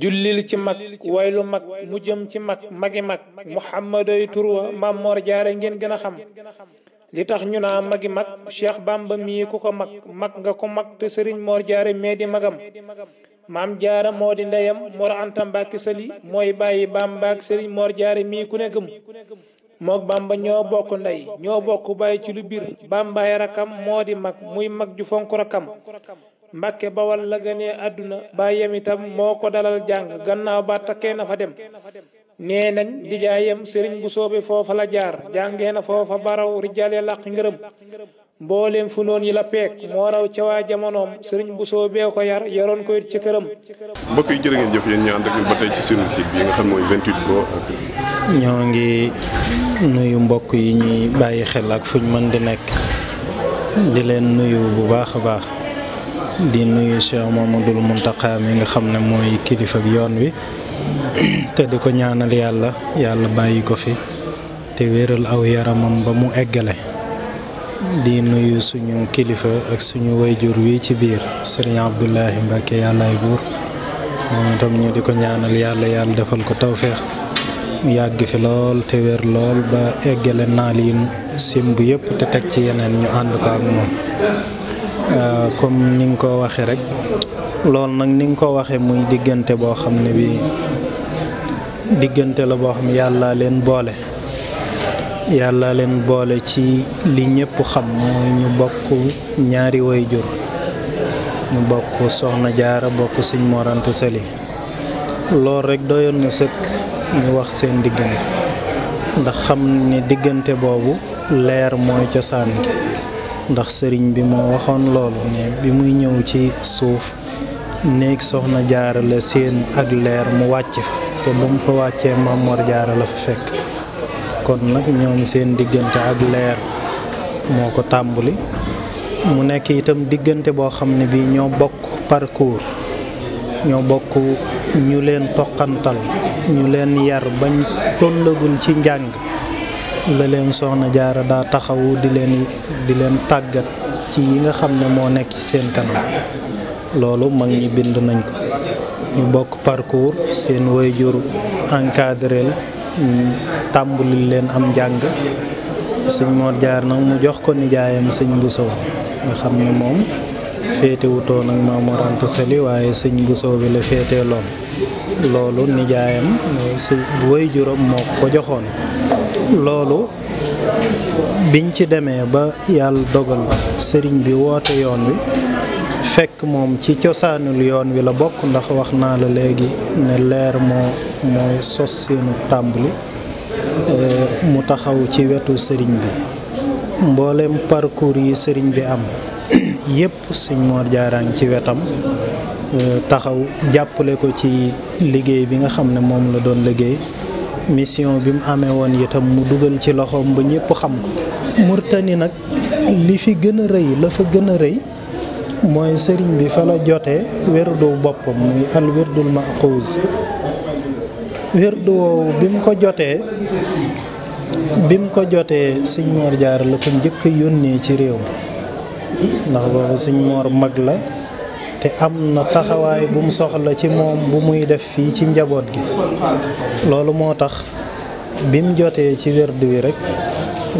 jullil ci mag lu mag mu jëm ci mag magi mag ma doy turwa maam moor jaare ngeen gën a xam li tax ñu naa magi mag cheikh bamba mii ku ko mag mag nga ko mag te sëriñ moor jaare mee di magam maam jaara moo di ndeyam moor anta mbàkki sali mooy bàyyi bamba ak sëriñ moor jaare mii ku ne gëm mook bamba ñoo bokk ndey ñoo bokk bàyyi ci lu biir bambaay rakkam moo di mag muy mag ju fonk rakam mbàkke bawal la gënee àdduna bàyyam itam moo ko dalal jàng gannaaw ba takkee na fa dem nee nañ nijaayam sëriñ bu soobee foofa la jaar jàngee na foofa baraw rijaale làq ngërëm mbooleem funoon yi la peek moo raw ca waa jamonoom sëriñ bu soobee ko yar yoroon ko it ci këram mbokk yi jërë ci sunu site ñoo ngi nuyu mbokk yi ñuy bàyyi xel ak fuñ mën di nekk di leen nuyu bu baax a baax di nuyu Cheikh Mamadul Muntaqa mi nga xam ne mooy kilifa yoon wi te di ko ñaanal yàlla yàlla bàyyi ko fi te wéeral aw yaramam ba mu eggale di nuyu suñu kilifa ak suñu wayjur wi ci biir sëriñ Abdoulahi Mbacke yàllaay buur moom itam ñu di ko ñaanal yàlla yàlla defal ko tawféex yàgg fi lool te wér lool ba eggale naal yi simb yëpp te teg ci yeneen ñu ànd ko ak moom Euh, comme ni nga ko waxee rek lool nag ni nga ko waxee muy diggante boo xam ne bi diggante la boo xam yàlla leen boole yàlla leen boole ci li ñépp xam mooy ñu bokk ñaari way jur ñu bokk soxna jaara bokk sëñ Mor Anta Sali loolu rek doyoon na sëkk ñu wax seen diggante ndax xam ne diggante boobu leer mooy cosaan gi ndax sëriñ bi moo waxoon loolu ne bi muy ñëw ci suuf néeg soxna jaara la seen ak leer mu wàcc fa te ba mu fa wàccee Mamor jaara la fa fekk kon nag ñoom seen diggante ak leer moo ko tàmbali mu nekk itam diggante boo xam ne bi ñoo bokk parcours ñoo bokk ñu leen toqantal ñu leen yar bañ tollagul ci njàng la son soxna jaara daa taxawu di leen di leen tàggat ci yi nga xam ne moo nekk ci seen kanam loolu mag ñi bind nañ ko ñu bokk parcours seen waajur encadré tàmbali leen am njàng sëñ Mor Jaar nag mu jox ko nijaayam sëñ Bousso nga xam ne moom féetewutoon ak Maam Sali waaye sëñ Bousso bi la féeteeloon loolu nijaayam sëñ waajuram moo ko joxoon loolu biñ ci demee ba yàlla dogal sëriñ bi woote yoon wi fekk moom ci cosaanul yoon wi la bokk ndax wax naa la léegi ne leer moo mooy sos seenu tàmbali eh, mu taxaw ci wetu sëriñ bi mboolem parcours yi sëriñ bi am yépp sëñ Mor Diarra ci wetam eh, taxaw jàppale ko ci liggéey bi nga xam ne moom la doon liggéey mission bi mu amee itam mu dugal ci loxoom ba ñëpp xam ko Murtani nag li fi gën a rëy la fa gën a rëy mooy sëriñ bi fa la jotee werdu boppam muy al werdul maxuus werdu woowu bi mu ko jotee bi mu ko jotee sëñ jaar Jaara la ko njëkk a yónnee ci réew mi ndax boobu sëñ mag la te am na taxawaay bu mu soxla ci moom bu muy def fii ci njaboot gi loolu moo tax bi mu jotee ci werd wi rekk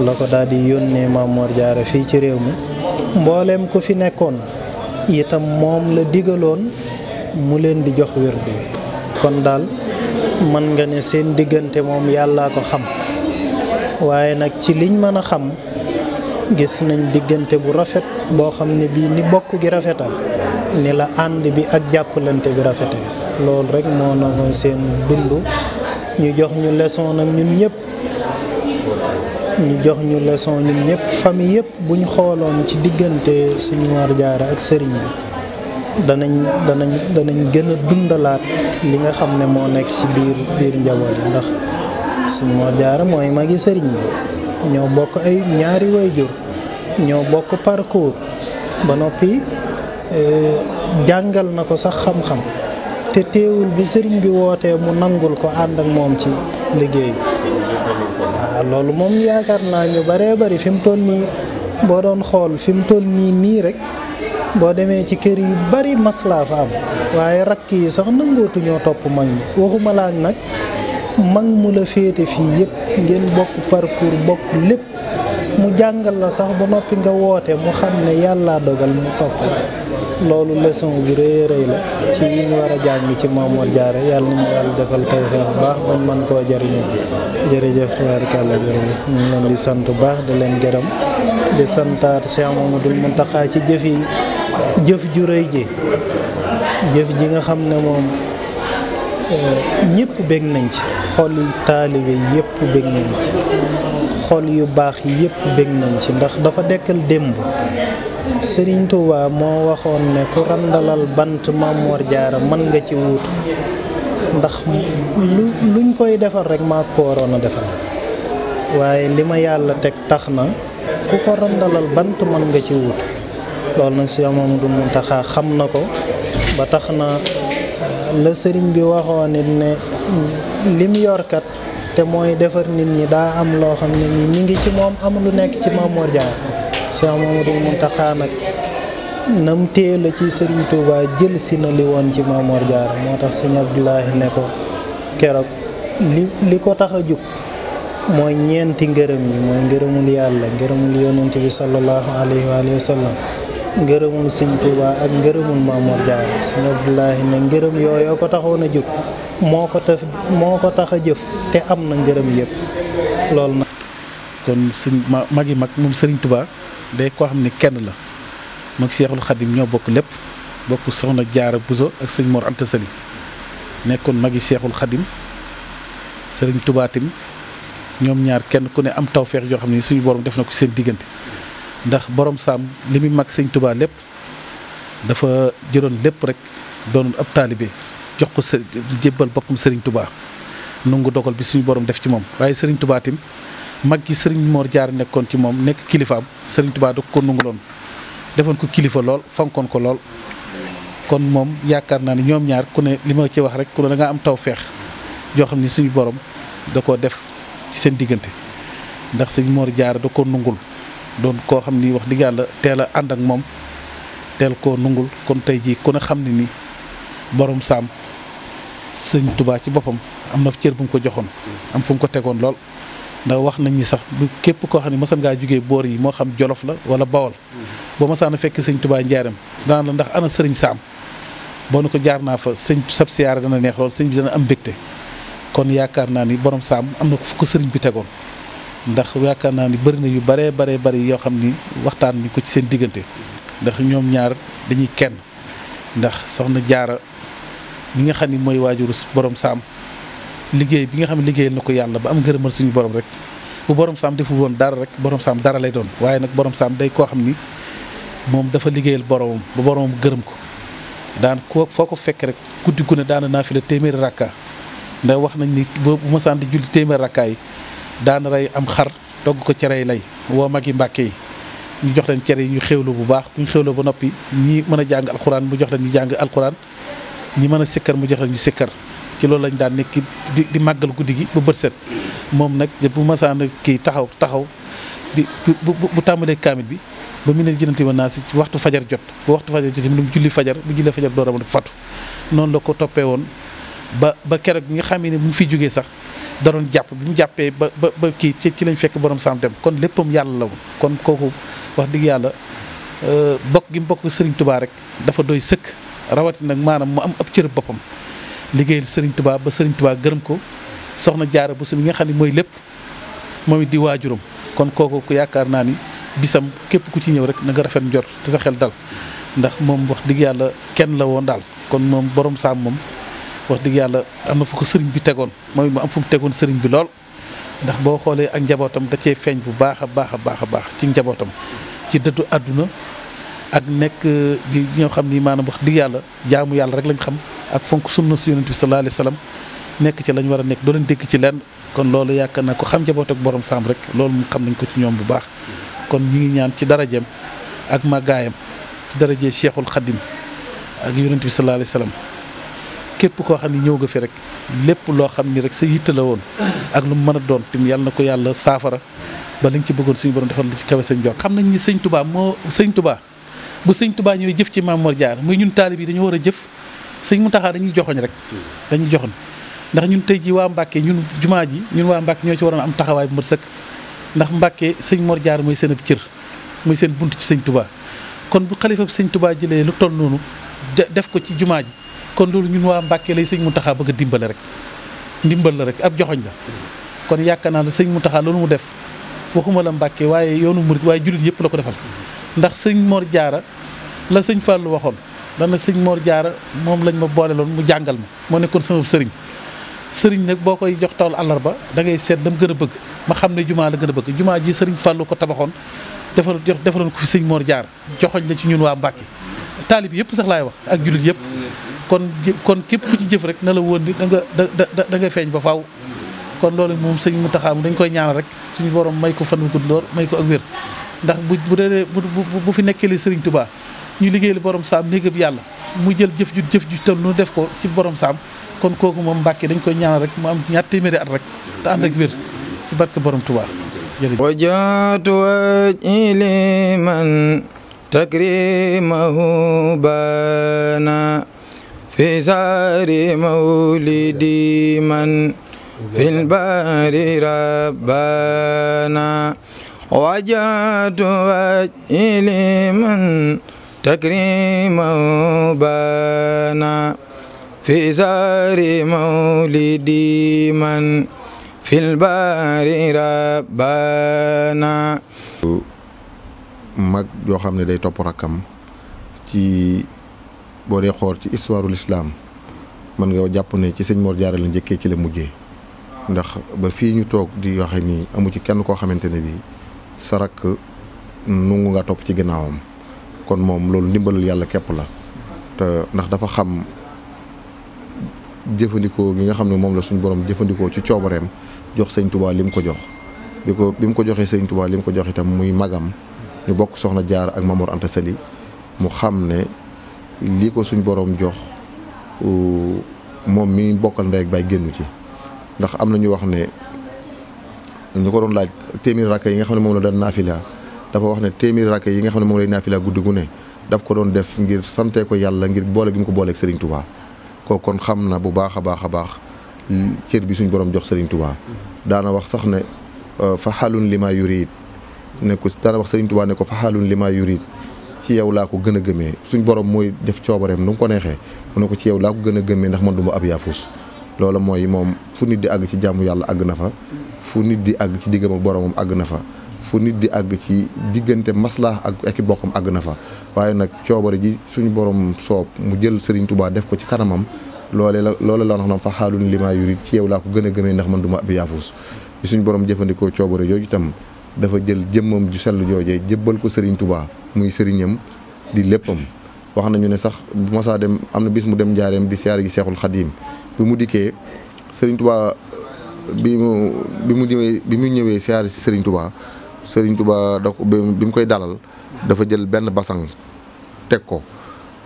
la ko daal yónnee Maam Mor Jaara fii ci réew mi mbooleem ku fi nekkoon itam moom la digaloon mu leen di jox werd wi kon daal mën nga ne seen diggante moom yàllaa ko xam waaye nag ci liñ mën a xam gis nañ diggante bu rafet boo xam ne bii ni bokk gi rafetal ni la ànd bi ak jàppalante bi rafete loolu rekk moo noonu seen dund ñu jox ñu leson nag ñun ñépp ñu jox ñu leson ñun ñëpp famille yëpp buñ xooloon ci diggante suñu Mor Jaara ak sëriñ bi danañ danañ danañ gën a dundalaat li nga xam ne moo nekk ci biir biir njaboot yi ndax suñu Mor Jaara mooy magi sëriñ bi ñoo bokk ay ñaari wayjur ñoo bokk parcours ba noppi e, jàngal na ko sax xam-xam te teewul bi sëriñ bi wootee mu nangul ko ànd ak moom ci liggéey bi ah, loolu moom yaakaar naa ñu baree bari fi mu toll nii boo doon xool fi mu toll nii nii rek boo demee ci kër yi bari maslaa fa am waaye rakk yi sax nangootu ñoo topp mag ñi waxuma laaj nag mag mu la féete fii yëpp ngeen bokk parcours bokk lépp mu jàngal la sax ba noppi nga woote mu xam ne yàlla dogal mu topp loolu leson bu rëy rëy la ci yi ñu war a jàng ci Mamour Diarra yàlla nañu yàlla defal tey bu baax bañ mën koo jëriñoo jërëjëf tabaarkàlla jërëjëf ñu leen di sant bu baax di leen gërëm di santaat Cheikh Mamadou Mountakha ci jëf yi jëf ju rëy ji jëf ji nga xam ne moom ñëpp bég nañ ci xol yu taalibe yëpp bég nañ ci xol yu baax yëpp bég nañ ci ndax dafa dekkal démb Sëriñ Tuuba moo waxoon ne ku randalal bant Maam Mor Jaara mën nga ci wuutu ndax lu luñ koy defal rekk ma ko waroon a defal waaye li ma yàlla teg tax na ku ko randalal bant mën nga ci wuutu loolu nag si Mamadou Muntaxa xam na ko ba tax na la sëriñ bi waxoo it ne lim yorkat te mooy defar nit ñi daa am loo xam ne nii mi ngi ci moom am lu nekk ci Mamour Diarra Cheikh Mamadou Mountakha nag nam téel la ci sëriñ Touba jël si na li woon ci Mamour Diarra moo tax sëñ Abdoulahi ne ko keroog li li ko tax a jub mooy ñeenti ngërëm yi mooy ngërëmul yàlla ngërëmul yonent bi sallallahu alayhi wa ngërëmul sëñ Tuuba ak ngërëmul ma Diarra sëñ Abdoulahi ne ngërëm yooyu ko taxoon a jóg moo ko taf moo ko tax a jëf te am na ngërëm yépp loolu nag kon sëñ ma yi mag moom sëriñ Tuuba day koo xam ne kenn la mag Seexul Xadim ñoo bokk lépp bokk soxna Jaara Buso ak sëñ Mor Anta Sali nekkoon magi Seexul Xadim sëriñ tubaa tim ñoom ñaar kenn ku ne am tawfeex yoo xam ne suñu borom def na ko seen diggante ndax borom saam li muy mag sëñ tubaa lépp dafa jëloon lépp rek doon ab taalibe jox ko sa jébbal boppam Serigne Touba nungu dogal bi suñu borom def ci moom waaye sëriñ tubaa tim mag gi Serigne Mor Diarra nekkoon ci moom nekk kilifaam Serigne Touba da ko nunguloon defoon ko kilifa lool fonkoon ko lool. kon moom yaakaar naa ne ñoom ñaar ku ne li ma ci wax rek ku ne da am taw feex yoo xam ni suñu borom da koo def ci seen diggante ndax Serigne Mor Diarra da ko nungul. doon koo xam ni wax dëgg yàlla teel a ànd ak moom teel koo nungul kon tey jii ku ne xam ne ni borom saam sëñ tubaa ci boppam am na cër bu mu ko joxoon. am fu mu ko tegoon lool ndax wax nañ ni sax bu képp koo xam ne masan ngaa jugee boor yi moo xam jolof la wala bawol boo masaan a fekk sëñ tubaa njaaram daan la ndax ana sëriñ saam boo nu ko jaar naa fa sëñ sab siyaara dana neex lool sëñ bi dana am mbégte kon yaakaar naa ni borom saam am na fu sëriñ bi tegoon. ndax yaakaar naa ni bari na yu bëree baree bëri yoo xam ni waxtaan ni ko ci seen diggante ndax ñoom ñaar dañuy kenn ndax soxna jaara mi nga xam ni mooy waajuru borom saam liggéey bi nga xam ne liggéeyal na ko yàlla ba am ngërëmal suñu borom rek bu borom saam deful woon dara rek borom saam dara lay doon waaye nag borom saam day koo xam ni moom dafa liggéeyal boromam ba boromam gërëm ko daan koo foo ko fekk rek guddi gu ne daana naa fi la téeméeri rakka ndax wax nañ ni bu masaan di julli téeméeri daan rey am xar togg ko cere yi lay woo mag yi mbàkke yi ñu jox leen cere yi ñu xéwlu bu baax bu xew xéwloo ba noppi ñi mën a jàng alxuraan mu jox leen ñu jàng alxuraan ñi mën a sikkar mu jox ñu sikkar ci loolu lañ daan nekk di di màggal guddi gi ba bët set moom nag bu masaan kii taxaw taxaw di bu bu tàmbalee kaamil bi ba mu ne jënanti ma naa si ci waxtu fajar jot bu waxtu fajar jot mu julli fajar bu julli fajar dooram a fatu noonu la ko toppee woon ba ba keroog nga xam ne mu fi jógee sax daroon jàpp bi mu jàppee ba ba ba kii ci lañ fekk borom saam dem kon léppam yàlla la woon kon kooku wax digg yàlla euh, bokk gi mu bokk Serigne Touba rek dafa doy sëkk rawati nag maanaam mu am ab cër boppam liggéeyal Serigne Touba ba Serigne Touba gërëm ko soxna jaara bu mi nga xam ne mooy lépp moom it di waajuram kon kooku ku yaakaar naa ni bisam képp ku ci ñëw rek na rafet njort te sa xel dal ndax moom wax dëgg yàlla kenn la woon daal kon moom borom saam moom. wax digg yàlla am na fu sëriñ bi tegoon mooy mu am fu mu tegoon sëriñ bi lool ndax boo xoolee ak njabootam da cee feeñ bu baax a baax a baax a baax ci njabootam ci dëddu àdduna ak nekk di ñoo xam ni maanaam wax dëgg yàlla jaamu yàlla rek lañ xam ak fonk sunna si yonent bi sallallahu alayhi wasallam nekk ci lañ war a nekk doo leen dégg ci lenn kon loolu yaakaar naa ko xam njaboot ak borom saam rek loolu mu xam nañ ko ci ñoom bu baax kon ñu ngi ñaan ci darajeem ak màggaayam ci darajee Cheikhul Khadim ak yonent képp koo xam ni ñëw nga fi rek lépp loo xam ni rek sa yitte la woon ak lu mu mën a doon tim yàlla na ko yàlla saafara ba li ci bëggoon suñu borom defal la ci kawe sëñ jot xam nañ ni sëñ tubaa moo sëñ tubaa bu sëñ tubaa ñooy jëf ci Maam Mor Jaara muy ñun taalib yi dañoo war a jëf sëñ Muntaxaa dañuy joxoñ rek dañuy joxoñ ndax ñun tey ji waa Mbàkke ñun jumaa ji ñun waa Mbàkke ñoo ci waroon am taxawaay bu mat sëkk ndax Mbàkke sëñ Mor Jaara mooy seen ab cër mooy seen bunt ci sëñ tubaa kon bu xalifa bi sëñ tubaa jëlee lu toll noonu def ko ci jumaa ji kon loolu ñun waa Mbàkke lay sëñ taxa bëgg a dimbale rek ndimbal la rek ab joxoñ la kon yaakaar naa ne sëñ Muntaxa loolu mu def waxuma la Mbàkke waaye yoonu murit waaye jullit yëpp la ko defal ndax sëñ Mor Jaara la sëñ Fàllu waxoon dana sëñ Mor Jaara moom lañ ma boole loon mu jàngal ma moo nekkoon sama sëriñ sëriñ nag boo koy jox tawul àllarba da ngay seet la mu gën a bëgg ma xam ne jumaa la gën a bëgg jumaa ji sëriñ Fàllu ko tabaxoon defal defaloon ko fi sëñ Mor Jaara joxoñ la ci ñun waa Mbàkke taalib yëpp sax laay wax ak jullit yëpp kon képp ku ci jëf rek na la woon ni da da da nga feeñ ba faaw kon loolu moom sëñ mu taxaamu dañ koy ñaanal rek suñu borom may ko fan wu gudd lool may ko ak wér ndax bu bu dee bu fi nekkee li sëriñ Touba ñu liggéeyal borom saam néegab yàlla mu jël jëf ju jëf ju tam nu def ko ci borom saam kon kooku moom Mbàkke dañ koy ñaanal rek mu am ñaar téeméeri at rek te ànd ak wér ci barke borom Touba wajaatu waaj iliman تكريمه بانا في زار مولدي من في البار ربانا وجعت وجهي لمن تكريمه بانا في زار مولدي من في البار ربانا mag joo xam ne day topp rakkam ci boo dee xool ci histoire l'islam mën nga jàpp ne ci sëñ Mor Jaara la njëkkee ci la mujjee ndax ba fii ñu toog di waxe nii amu ci kenn koo xamante ne bii sa rakk nungu nga topp ci ginnaawam kon moom loolu ndimbalal yàlla képp la te ndax dafa xam jëfandikoo gi nga xam ne moom la suñu borom jëfandikoo ci coobareem jox sëñ Tuubaa li mu ko jox bi ko bi mu ko joxee sëñ Tuubaa li mu ko jox itam muy magam ñu bokk soxna jaar ak Mamour Anta Sali mu xam ne lii ko suñ boroom jox euh, moom mi bokkal ndey ak bay génn ci ndax am na ñu wax ne ñu ko doon laaj téeméeri rakk yi nga xam ne moom la daan naafila dafa wax ne téeméeri rakk yi nga xam ne moom lay naafila guddi gu ne daf ko doon def ngir sante ko yàlla ngir boole gi mu ko booleeg Serigne Touba ko kon xam na bu baax a baax a baax cër bi suñ borom jox Serigne Touba mm-hmm. daana wax sax ne euh, fa xalun lima yurid nekkul ko daana wax Serigne Touba ne ko faxaalun li maa yurid ci yow laa ko gën a suñ borom mooy def coobareem nu mu ko neexee mu ne ko ci yow laa ko gën a gëmee ndax man du ma ab yaafuus loolu mooy moom fu nit di àgg ci jàmm yàlla àgg na fa fu nit di àgg ci diggam boromam àgg na fa fu nit di àgg ci diggante maslaa ak ak bokkam àgg na fa waaye nag coobare ji suñu borom soob mu jël Serigne Touba def ko ci kanamam loolee la loola la wax na fa xaalun li maa yurid ci yow laa ko gën a gëmee ndax man du ma ab suñ borom jëfandikoo coobare yooyu itam dafa jël jëmmam ju sell joojee jëbbal ko Serigne Touba muy sëriñam di léppam wax nañu ne sax bu masaa dem am na bis mu dem njaareem di siyaare gi Seexul Xadiim bi mu dikkee Serigne Touba bi mu bi bi mu ñëwee siyaare si Serigne Touba Serigne Touba da koy dalal dafa jël benn basang teg ko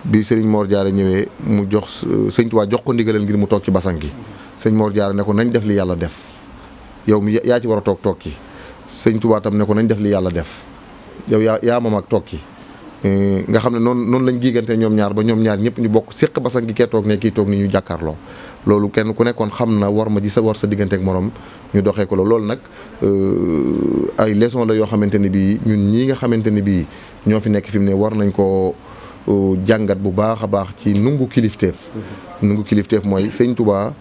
bi sëriñ Mor jaare ñëwee mu jox Serigne Touba jox ko ndigalal ngir mu toog ci basang gi sëñ Mor Diarra ne ko nañ def li yàlla def yow mi yaa ci war a toog toog ci sëñ Tuubaa tam ne ko nañ def li yàlla def yow yaa yaa ma mag toog ki eh, nga xam ne noonu noonu lañ giigante ñoom ñaar ba ñoom ñaar ñëpp ñu bokk séq basang gi kee toog ne kii toog ni ñu jàkkaarloo loolu kenn ku nekkoon xam na war ma ji sa war sa diggante ak morom doxee ko la loolu nag eh, ay leçon la yoo xamante ni bii ñun ñii nga xamante ni bii ñoo fi nekk fi mu ne war nañ ko eh, jàngat bu baax a baax ci nungu kilifteef mm-hmm. nungu kilifteef mooy sëñ Tuubaa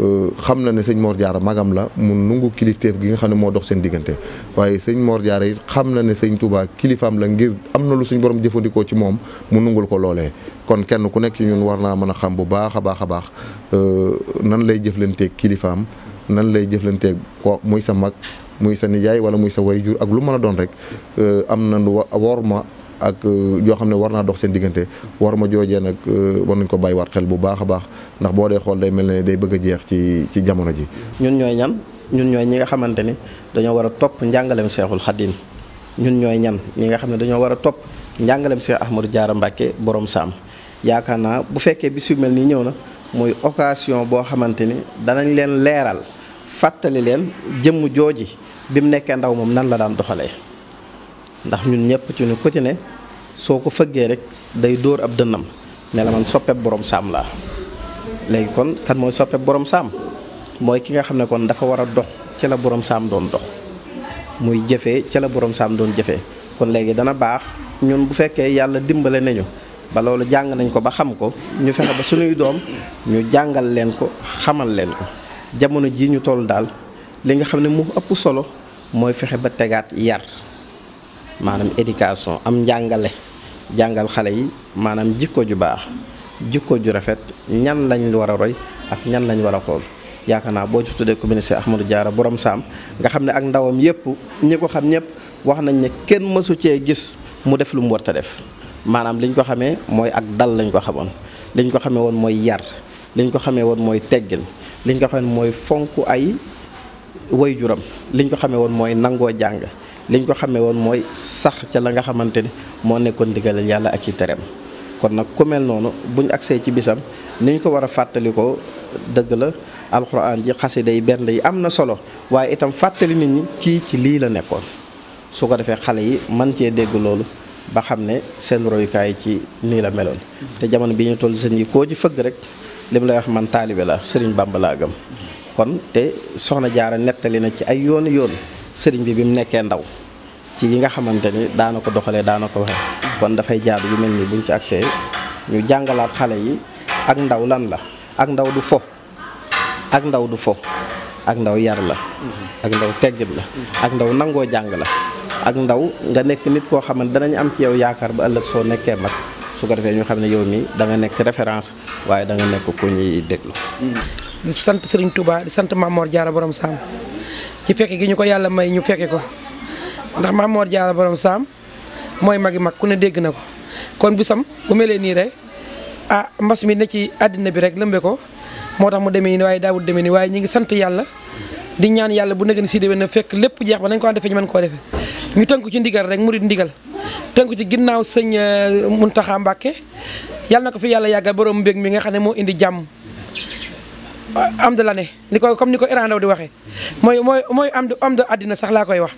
Euh, xam na ne sëñ Mor Diarra magam la mu nungu kilifteef gi nga xam ne moo dox seen diggante waaye sëñ Mor Diarra xam na ne sëñ Touba kilifaam la ngir am na lu suñ boroom jëfandikoo ci moom mu nungul ko loolee. kon kenn ku nekk ñun war naa mën a xam bu baax a baax a baax euh, nan lay jëflanteeg kilifaam nan lay jëflanteeg ko muy sa mag muy sa nijaay wala muy sa way jur ak lu mën a doon rek euh, am na lu worma. ak euh, yoo xam ne war naa dox seen diggante war ma joojee nag euh, war nañ ko bàyyiwaat xel bu baax a baax ndax boo dee xool day mel ne day bëgg jeex ci ci jamono ji. ñun ñooy ñan ñun ñooy ñi nga xamante ni dañoo war a topp njàngaleem seexul xadim ñun ñooy ñan ñi nga xam ne dañoo war a topp njàngaleem seex Ahmadou Diarra Mbacke borom saam yaakaar naa bu fekkee bis yu mel nii ñëw na mooy occasion boo xamante ni danañ leen leeral fàttali leen jëmm jooji bi mu nekkee ndaw moom nan la daan doxalee. ndax ñun ñëpp ci ñu ku ci ne soo ko fëggee rek day dóor ab dënnam ne la man borom saam laa léegi kon kan mooy soppeb borom saam mooy ki nga xam ne kon dafa war a dox ci la borom saam doon dox muy jëfee ci la borom saam doon jëfee kon léegi dana baax ñun bu fekkee yàlla dimbale nañu ba loolu jàng nañ ko ba xam ko ñu fexe ba suñuy doom ñu jàngal leen ko xamal leen ko jamono ji ñu toll daal li nga xam ne mu ëpp solo mooy fexe ba tegaat yar maanaam éducation am njàngale jàngal xale yi maanaam jikko ju baax jikko ju rafet ñan lañ war a roy ak ñan lañ war a xool yaakaar naa boo ci tuddee commune si Ahmadou Diarra borom saam nga xam ne ak ndawam yëpp ñi ko xam ñëpp wax nañ ne kenn mësu cee gis mu def lu mu war a def maanaam liñ ko xamee mooy ak dal lañ ko xamoon liñ ko xamee woon mooy yar liñ ko xamee woon mooy teggin liñ ko xamee mooy fonk ay way juram liñ ko xamee woon mooy nangoo jàng liñ ko xamee woon mooy sax ca la nga xamante ni moo nekkoon digalal yàlla ak i tereem kon nag ku mel noonu ñu agsee ci bisam ni ñu ko war a fàttalikoo dëgg la alxuraan ji xasida yi benn yi am na solo waaye itam fàttali nit ñi kii ci lii la nekkoon su ko defee xale yi man cee dégg loolu ba xam ne seen royukaay ci nii la meloon te jamono bi ñu toll seen yi koo ci fëgg rek li mu lay wax man taalibe la sëriñ Bàmba kon te soxna jaara nettali na ci ay yoonu yoon sëriñ bi bi mu nekkee ndaw ci yi nga xamante ni daanako ko doxalee daana ko kon dafay jaar yu mel nii buñ ci accès ñu jàngalaat xale yi ak ndaw lan la ak ndaw du fo ak ndaw du fo ak ndaw yar la ak ndaw teggit la ak ndaw nangoo jàng la ak ndaw nga nekk nit koo xam ne danañ am ci yow yaakaar ba ëllëg soo nekkee mag su ko defee ñu xam ne yow mi da nga nekk référence waaye danga nekk ku ñuy déglu. di sant Serigne Touba di sant Mamor Diarra borom Sam ci fekke gi ñu ko yàlla may ñu fekke ko. ndax Maam moo Jaara borom saam mooy magi mag ku ne dégg na ko kon bisam bu melee nii rek ah mbas mi ne ci àddina bi rek lëmbe ko moo tax mu demee nii waaye daawul demee nii waaye ñu ngi sant yàlla di ñaan yàlla bu nëgën si déwén na fekk lépp jeex ba nañ ko defee mën koo defee ñu tënku ci ndigal rek murid ndigal tënku ci ginnaaw sëñ euh, Muntaxa Mbàkke yàlla na ko fi yàlla yàggal borom mbég mi nga xam ne moo indi jàmm am de la ne ni ko comme ni ko Iran Ndaw di waxee mooy mooy mooy am de am de àddina sax laa koy wax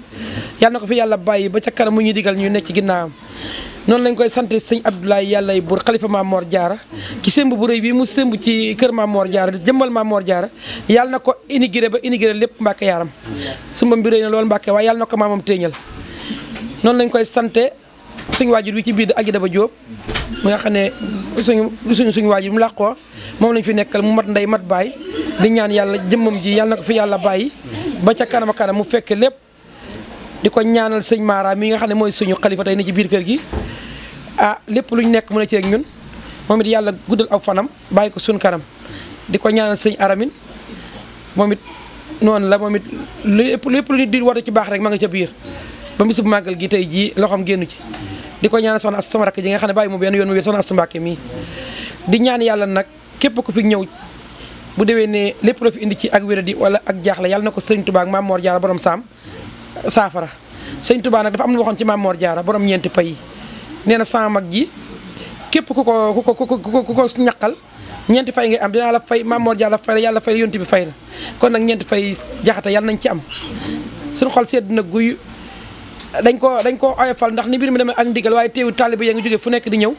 yàlla na ko fi yàlla bàyyi ba ca kanam mu ñu digal ñu nekk ci ginnaawam noonu lañ koy sant sëñ Abdoulaye yàllay buur xalifa Maam Mor Diarra ci sëmb bu rëy bi mu sëmb ci kër Maam Mor Diarra jëmbal Maam Mor Diarra yàlla na ko inigré ba inigré lépp Mbàkke yaram sumbam bi rëy loolu Mbàkke waaye yàlla na ko maamam téeñal noonu lañ koy sante suñu waajur wi ci biir aji Jóob mu nga xam ne suñu suñu suñu waajur mu làqoo moom lañ fi nekkal mu mat ndey mat baay di ñaan yàlla jëmmam ji yàlla ko fi yàlla bàyyi ba ca kanam a kanam mu fekk lépp di ko ñaanal sëñ Mara mi nga xam ne mooy suñu xalifa tey ni ci biir kër gi ah lépp lu ñu nekk mën ci rek ñun moom it yàlla guddal aw fanam bàyyi ko suñu kanam di ko ñaanal sëñ Aramin moom it noonu la moom it lépp lépp lu ñu di woote ci baax rek ma nga ca biir ba bisub màggal gi tey jii loxoom génn ci di ko ñaanal soxna as sama rakk ji nga xam ne bàyyi mu benn yoon mu wee soxna as Mbàkke mii di ñaan yàlla nag képp ku fi ñëw bu déwee ne lépp loo indi ci ak wéradi wala ak jaaxle yàlla na ko sëriñ Tuubaa Maam Moor Jaara borom saam saafara sëñ Tuubaa nag dafa am lu waxoon ci maam Jaara borom ñeenti fay nee na sama mag ji képp ku ko ku ko ku ko ñaqal ñeenti fay ngay am dinaa la fay maam Mor Jaara fay yàlla fay la yonti bi fay la kon nag ñeenti fay jaxata yàlla nañ ci am suñu xol sedd na guy dañ ko dañ ko oyofal ndax ni mbir mi demee ak ndigal waaye teewu taaliba yaa ngi jóge fu nekk di ñëw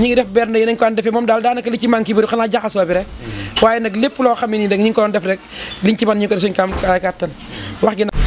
ñi ngi def benn yi nañ ko moom daal daanaka li ci manqué bëri xanaa jaxasoo bi rek waaye nag lépp loo xam ne nii rek ñi def rek liñ ci mën ñu ko def